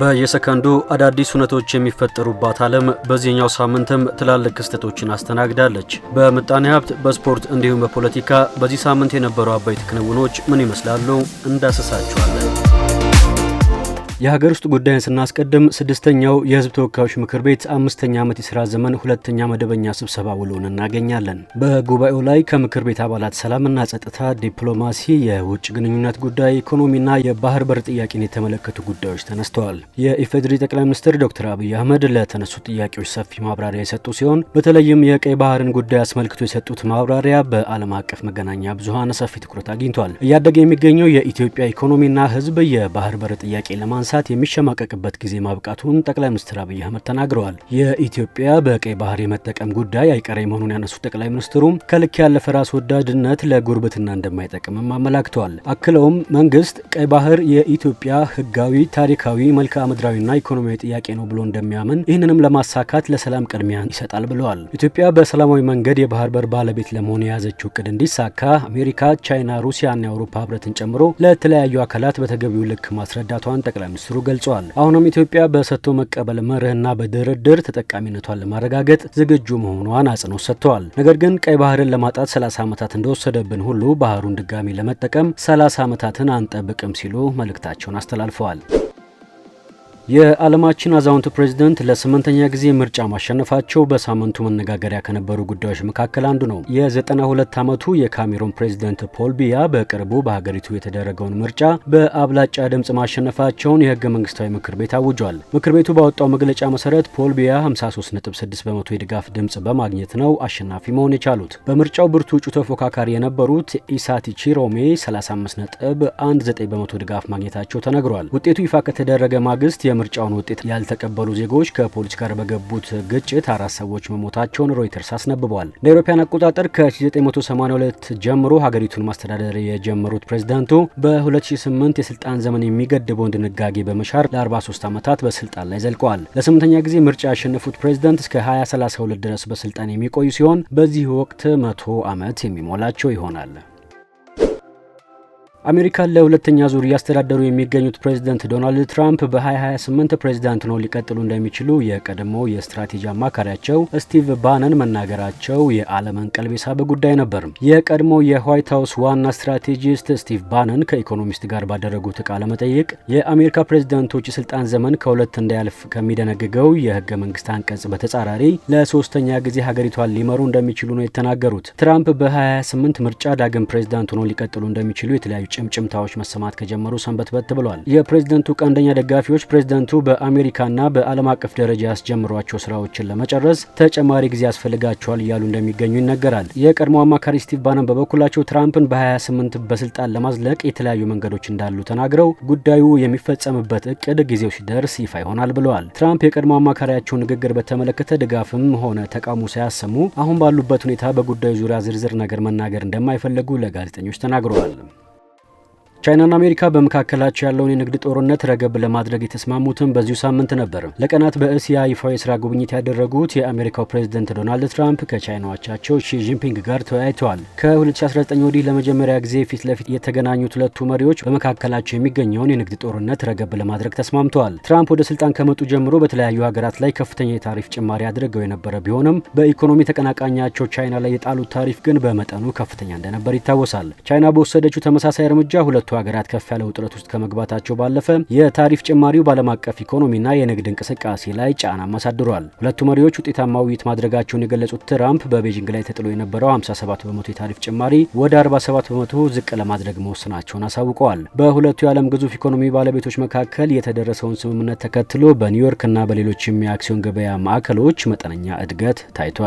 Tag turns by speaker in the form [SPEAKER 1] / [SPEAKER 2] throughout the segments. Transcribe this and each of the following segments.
[SPEAKER 1] በየሰከንዱ አዳዲስ ሁነቶች የሚፈጠሩባት ዓለም በዚህኛው ሳምንትም ትላልቅ ክስተቶችን አስተናግዳለች። በምጣኔ ሀብት፣ በስፖርት እንዲሁም በፖለቲካ በዚህ ሳምንት የነበሩ አበይት ክንውኖች ምን ይመስላሉ? እንዳስሳችኋለን።
[SPEAKER 2] የሀገር ውስጥ ጉዳይን ስናስቀድም ስድስተኛው የህዝብ ተወካዮች ምክር ቤት አምስተኛ ዓመት የስራ ዘመን ሁለተኛ መደበኛ ስብሰባ ውሎን እናገኛለን። በጉባኤው ላይ ከምክር ቤት አባላት ሰላምና ጸጥታ፣ ዲፕሎማሲ፣ የውጭ ግንኙነት ጉዳይ፣ ኢኮኖሚና የባህር በር ጥያቄን የተመለከቱ ጉዳዮች ተነስተዋል። የኢፌዴሪ ጠቅላይ ሚኒስትር ዶክተር አብይ አህመድ ለተነሱ ጥያቄዎች ሰፊ ማብራሪያ የሰጡ ሲሆን በተለይም የቀይ ባህርን ጉዳይ አስመልክቶ የሰጡት ማብራሪያ በዓለም አቀፍ መገናኛ ብዙሀን ሰፊ ትኩረት አግኝቷል። እያደገ የሚገኘው የኢትዮጵያ ኢኮኖሚና ህዝብ የባህር በር ጥያቄ ለማንሳት መንግስታት የሚሸማቀቅበት ጊዜ ማብቃቱን ጠቅላይ ሚኒስትር አብይ አህመድ ተናግረዋል። የኢትዮጵያ በቀይ ባህር የመጠቀም ጉዳይ አይቀሬ መሆኑን ያነሱት ጠቅላይ ሚኒስትሩም ከልክ ያለፈ ራስ ወዳድነት ለጉርብትና እንደማይጠቅምም አመላክተዋል። አክለውም መንግስት ቀይ ባህር የኢትዮጵያ ህጋዊ፣ ታሪካዊ፣ መልክዓ ምድራዊና ኢኮኖሚያዊ ጥያቄ ነው ብሎ እንደሚያምን ይህንንም ለማሳካት ለሰላም ቅድሚያ ይሰጣል ብለዋል። ኢትዮጵያ በሰላማዊ መንገድ የባህር በር ባለቤት ለመሆን የያዘችው እቅድ እንዲሳካ አሜሪካ፣ ቻይና፣ ሩሲያና የአውሮፓ ህብረትን ጨምሮ ለተለያዩ አካላት በተገቢው ልክ ማስረዳቷን ጠቅላይ ሚኒስትሩ ሚኒስትሩ ገልጸዋል። አሁንም ኢትዮጵያ በሰጥቶ መቀበል መርህና በድርድር ተጠቃሚነቷን ለማረጋገጥ ዝግጁ መሆኗን አጽንኦት ሰጥተዋል። ነገር ግን ቀይ ባህርን ለማጣት 30 ዓመታት እንደወሰደብን ሁሉ ባህሩን ድጋሚ ለመጠቀም 30 ዓመታትን አንጠብቅም ሲሉ መልእክታቸውን አስተላልፈዋል። የዓለማችን አዛውንት ፕሬዝደንት ለስምንተኛ ጊዜ ምርጫ ማሸነፋቸው በሳምንቱ መነጋገሪያ ከነበሩ ጉዳዮች መካከል አንዱ ነው። የ92 ዓመቱ የካሜሩን ፕሬዝደንት ፖል ቢያ በቅርቡ በሀገሪቱ የተደረገውን ምርጫ በአብላጫ ድምፅ ማሸነፋቸውን የህገ መንግስታዊ ምክር ቤት አውጇል። ምክር ቤቱ ባወጣው መግለጫ መሰረት ፖል ቢያ 53.6 በመቶ የድጋፍ ድምፅ በማግኘት ነው አሸናፊ መሆን የቻሉት። በምርጫው ብርቱ እጩ ተፎካካሪ የነበሩት ኢሳቲ ቺሮሜ 35.19 በመቶ ድጋፍ ማግኘታቸው ተነግሯል። ውጤቱ ይፋ ከተደረገ ማግስት የምርጫውን ውጤት ያልተቀበሉ ዜጎች ከፖሊስ ጋር በገቡት ግጭት አራት ሰዎች መሞታቸውን ሮይተርስ አስነብቧል። እንደ አውሮፓውያን አቆጣጠር ከ1982 ጀምሮ ሀገሪቱን ማስተዳደር የጀመሩት ፕሬዚዳንቱ በ2008 የስልጣን ዘመን የሚገድበውን ድንጋጌ በመሻር ለ43 ዓመታት በስልጣን ላይ ዘልቀዋል። ለስምንተኛ ጊዜ ምርጫ ያሸነፉት ፕሬዚዳንት እስከ 2032 ድረስ በስልጣን የሚቆዩ ሲሆን በዚህ ወቅት መቶ ዓመት የሚሞላቸው ይሆናል። አሜሪካን ለሁለተኛ ዙር እያስተዳደሩ የሚገኙት ፕሬዚደንት ዶናልድ ትራምፕ በ2028 ፕሬዚዳንት ነው ሊቀጥሉ እንደሚችሉ የቀድሞው የስትራቴጂ አማካሪያቸው ስቲቭ ባነን መናገራቸው የዓለምን ቀልብ የሳበ ጉዳይ ነበር። የቀድሞው የዋይት ሀውስ ዋና ስትራቴጂስት ስቲቭ ባነን ከኢኮኖሚስት ጋር ባደረጉት ቃለ መጠይቅ የአሜሪካ ፕሬዚደንቶች የስልጣን ዘመን ከሁለት እንዳያልፍ ከሚደነግገው የህገ መንግስት አንቀጽ በተጻራሪ ለሶስተኛ ጊዜ ሀገሪቷን ሊመሩ እንደሚችሉ ነው የተናገሩት። ትራምፕ በ2028 ምርጫ ዳግም ፕሬዚዳንት ሆነው ሊቀጥሉ እንደሚችሉ የተለያዩ ጭምጭምታዎች መሰማት ከጀመሩ ሰንበት በት ብሏል። የፕሬዝደንቱ ቀንደኛ ደጋፊዎች ፕሬዝደንቱ በአሜሪካና በዓለም አቀፍ ደረጃ ያስጀምሯቸው ስራዎችን ለመጨረስ ተጨማሪ ጊዜ ያስፈልጋቸዋል እያሉ እንደሚገኙ ይነገራል። የቀድሞ አማካሪ ስቲቭ ባነን በበኩላቸው ትራምፕን በ28 በስልጣን ለማዝለቅ የተለያዩ መንገዶች እንዳሉ ተናግረው ጉዳዩ የሚፈጸምበት እቅድ ጊዜው ሲደርስ ይፋ ይሆናል ብለዋል። ትራምፕ የቀድሞ አማካሪያቸው ንግግር በተመለከተ ድጋፍም ሆነ ተቃውሞ ሳያሰሙ አሁን ባሉበት ሁኔታ በጉዳዩ ዙሪያ ዝርዝር ነገር መናገር እንደማይፈልጉ ለጋዜጠኞች ተናግረዋል። ቻይናና አሜሪካ በመካከላቸው ያለውን የንግድ ጦርነት ረገብ ለማድረግ የተስማሙትም በዚሁ ሳምንት ነበር። ለቀናት በእስያ ይፋ የስራ ጉብኝት ያደረጉት የአሜሪካው ፕሬዝደንት ዶናልድ ትራምፕ ከቻይና አቻቸው ሺጂንፒንግ ጋር ተወያይተዋል። ከ2019 ወዲህ ለመጀመሪያ ጊዜ ፊት ለፊት የተገናኙት ሁለቱ መሪዎች በመካከላቸው የሚገኘውን የንግድ ጦርነት ረገብ ለማድረግ ተስማምተዋል። ትራምፕ ወደ ስልጣን ከመጡ ጀምሮ በተለያዩ ሀገራት ላይ ከፍተኛ የታሪፍ ጭማሪ አድርገው የነበረ ቢሆንም በኢኮኖሚ ተቀናቃኛቸው ቻይና ላይ የጣሉት ታሪፍ ግን በመጠኑ ከፍተኛ እንደነበር ይታወሳል። ቻይና በወሰደችው ተመሳሳይ እርምጃ ሁለቱ ሀገራት ከፍ ያለ ውጥረት ውስጥ ከመግባታቸው ባለፈ የታሪፍ ጭማሪው በዓለም አቀፍ ኢኮኖሚና የንግድ እንቅስቃሴ ላይ ጫና አሳድሯል። ሁለቱ መሪዎች ውጤታማ ውይይት ማድረጋቸውን የገለጹት ትራምፕ በቤጂንግ ላይ ተጥሎ የነበረው 57 በመቶ የታሪፍ ጭማሪ ወደ 47 በመቶ ዝቅ ለማድረግ መወሰናቸውን አሳውቀዋል። በሁለቱ የዓለም ግዙፍ ኢኮኖሚ ባለቤቶች መካከል የተደረሰውን ስምምነት ተከትሎ በኒውዮርክ እና በሌሎችም የአክሲዮን ገበያ ማዕከሎች መጠነኛ እድገት ታይቷል።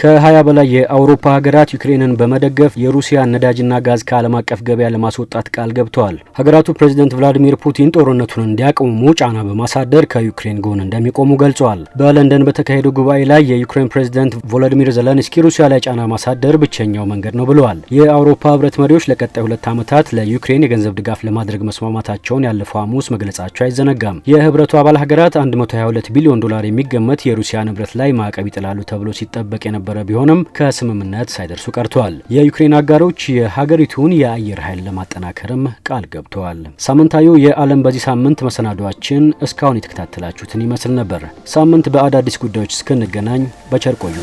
[SPEAKER 2] ከ20 በላይ የአውሮፓ ሀገራት ዩክሬንን በመደገፍ የሩሲያን ነዳጅና ጋዝ ከዓለም አቀፍ ገበያ ለማስወጣት ቃል ገብተዋል። ሀገራቱ ፕሬዚደንት ቭላዲሚር ፑቲን ጦርነቱን እንዲያቆሙ ጫና በማሳደር ከዩክሬን ጎን እንደሚቆሙ ገልጸዋል። በለንደን በተካሄደው ጉባኤ ላይ የዩክሬን ፕሬዚደንት ቮሎዲሚር ዘለንስኪ ሩሲያ ላይ ጫና ማሳደር ብቸኛው መንገድ ነው ብለዋል። የአውሮፓ ህብረት መሪዎች ለቀጣይ ሁለት ዓመታት ለዩክሬን የገንዘብ ድጋፍ ለማድረግ መስማማታቸውን ያለፈው ሐሙስ መግለጻቸው አይዘነጋም። የህብረቱ አባል ሀገራት 122 ቢሊዮን ዶላር የሚገመት የሩሲያ ንብረት ላይ ማዕቀብ ይጥላሉ ተብሎ ሲጠበቅ የነበ የነበረ ቢሆንም ከስምምነት ሳይደርሱ ቀርተዋል። የዩክሬን አጋሮች የሀገሪቱን የአየር ኃይል ለማጠናከርም ቃል ገብተዋል። ሳምንታዊ የዓለም በዚህ ሳምንት መሰናዷችን እስካሁን የተከታተላችሁትን ይመስል ነበር። ሳምንት በአዳዲስ ጉዳዮች እስክንገናኝ በቸር ቆዩ።